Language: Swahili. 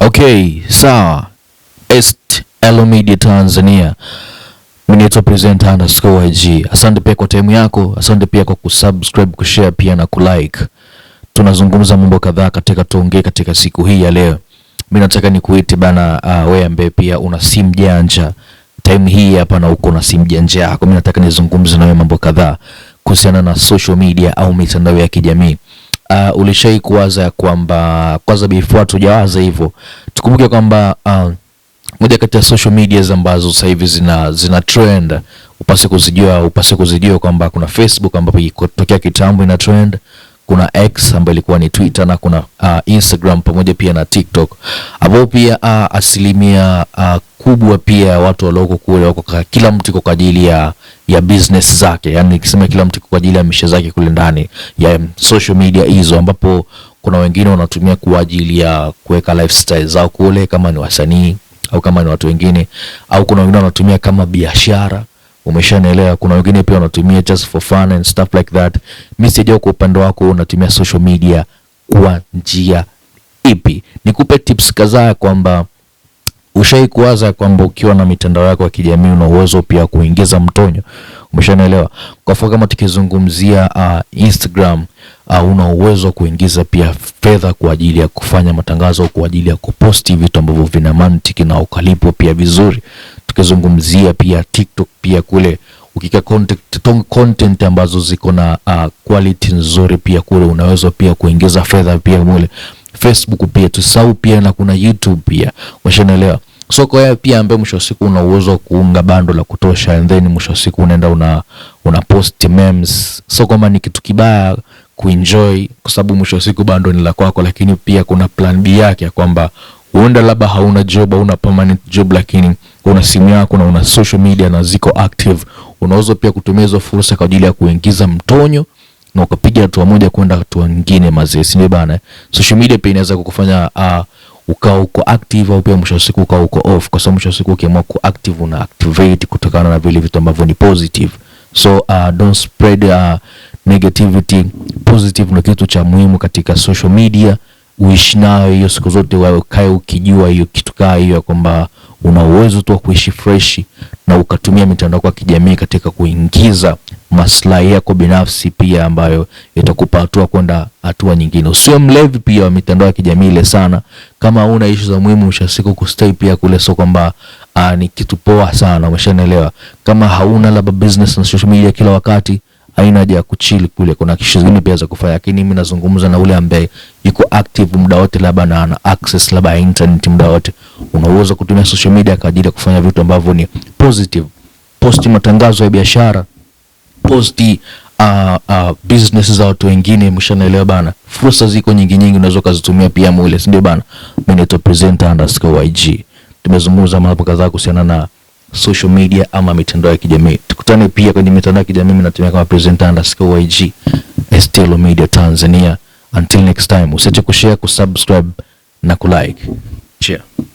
Okay, sawa. Est Elo Media Tanzania. Mimi naitwa present underscore IG. Asante pia kwa time yako, asante pia kwa kusubscribe, kushare pia na kulike. Tunazungumza mambo kadhaa katika tuongee katika siku hii ya leo. Mimi nataka nikuite bana, uh, wewe ambaye pia una simu janja. Time hii hapa na uko na simu janja yako. Mimi nataka nizungumze na wewe mambo kadhaa kuhusiana na social media au mitandao ya kijamii uh, ulishai kuwaza ya kwamba kwanza, before tujawaza hivyo, tukumbuke kwamba uh, moja kati ya social medias ambazo sasa hivi zina zina trend upase kuzijua upase kuzijua kwamba kuna Facebook ambapo ikotokea kitambo ina trend kuna X ambayo ilikuwa ni Twitter na kuna uh, Instagram pamoja pia na TikTok ambao pia uh, asilimia uh, kubwa pia ya watu walioko kule wako kila mtu iko kwa ajili ya ya business zake, yani nikisema kila mtu kwa ajili ya misha zake kule ndani ya um, social media hizo, ambapo kuna wengine wanatumia kwa ajili ya kuweka lifestyle zao kule, kama ni wasanii au kama ni watu wengine, au kuna wengine wanatumia kama biashara Umeshanielewa. Kuna wengine pia wanatumia just for fun and stuff like that. Mimi sijua kwa upande wako unatumia social media kwa njia ipi. Nikupe tips kadhaa kwamba ushai kuwaza kwamba ukiwa na mitandao yako ya kijamii una uwezo pia kuingiza mtonyo. Umeshanielewa. Kwa mfano kama tukizungumzia uh, Instagram uh, una uwezo wa kuingiza pia fedha kwa ajili ya kufanya matangazo, kwa ajili ya kuposti vitu ambavyo vina mantiki na ukalipo pia vizuri tukazungumzia pia TikTok pia kule ukika content, content ambazo ziko na uh, quality nzuri pia kule unaweza pia kuingiza fedha pia mule Facebook pia tusau pia na kuna YouTube pia umeshaelewa. So kwa hiyo pia ambaye mwisho siku una uwezo kuunga bando la kutosha and then mwisho wa siku unaenda una, una post memes. So kama ni kitu kibaya kuenjoy kwa sababu mwisho siku bando ni la kwako, lakini pia kuna plan B yake ya kwamba Huenda labda hauna job, au una permanent job, lakini una simu yako na una social media na ziko active. Unaweza pia kutumia hizo fursa kwa ajili ya kuingiza mtonyo na ukapiga hatua moja kwenda hatua nyingine mazee, si bana? Social media pia inaweza kukufanya uh, ah, ukao uko active au pia mwisho wa siku ukao uko off, kwa sababu mwisho wa siku ukiamua ku active una activate kutokana na vile vitu ambavyo ni positive. So uh, don't spread uh, negativity. Positive ni kitu cha muhimu katika social media uishi nayo hiyo siku zote, ukae ukijua hiyo kitu kaa hiyo ya kwamba una uwezo tu wa kuishi fresh na ukatumia mitandao ya kijamii katika kuingiza maslahi yako binafsi pia, ambayo itakupa hatua kwenda hatua nyingine. Usiwe mlevi pia wa mitandao ya kijamii ile sana. Kama una ishu za muhimu ushasiku kustay pia kule, sio kwamba ah, ni kitu poa sana, umeshanielewa. Kama hauna labda business na social media kila wakati aina haja ya kuchili kule, kuna zingine mm. pia za kufanya, lakini mimi nazungumza na ule ambaye yuko active muda wote, labda na ana access labda internet muda wote. Unaweza kutumia social media kwa ajili ya kufanya vitu ambavyo ni positive. Posti matangazo ya biashara, posti uh, ah, uh, ah, business za watu wengine, mshanaelewa bana. Fursa ziko nyingi nyingi, unaweza kuzitumia pia mule, si ndio bana? Mimi ni presenter_ig. Tumezungumza mambo kadhaa kuhusiana na social media ama mitandao ya kijamii. Tukutane pia kwenye mitandao ya kijamii, natumia kama presenter underscore YG Estelo hmm. Media Tanzania. Until next time, usiache kushare, kusubscribe na kulike. Cheers.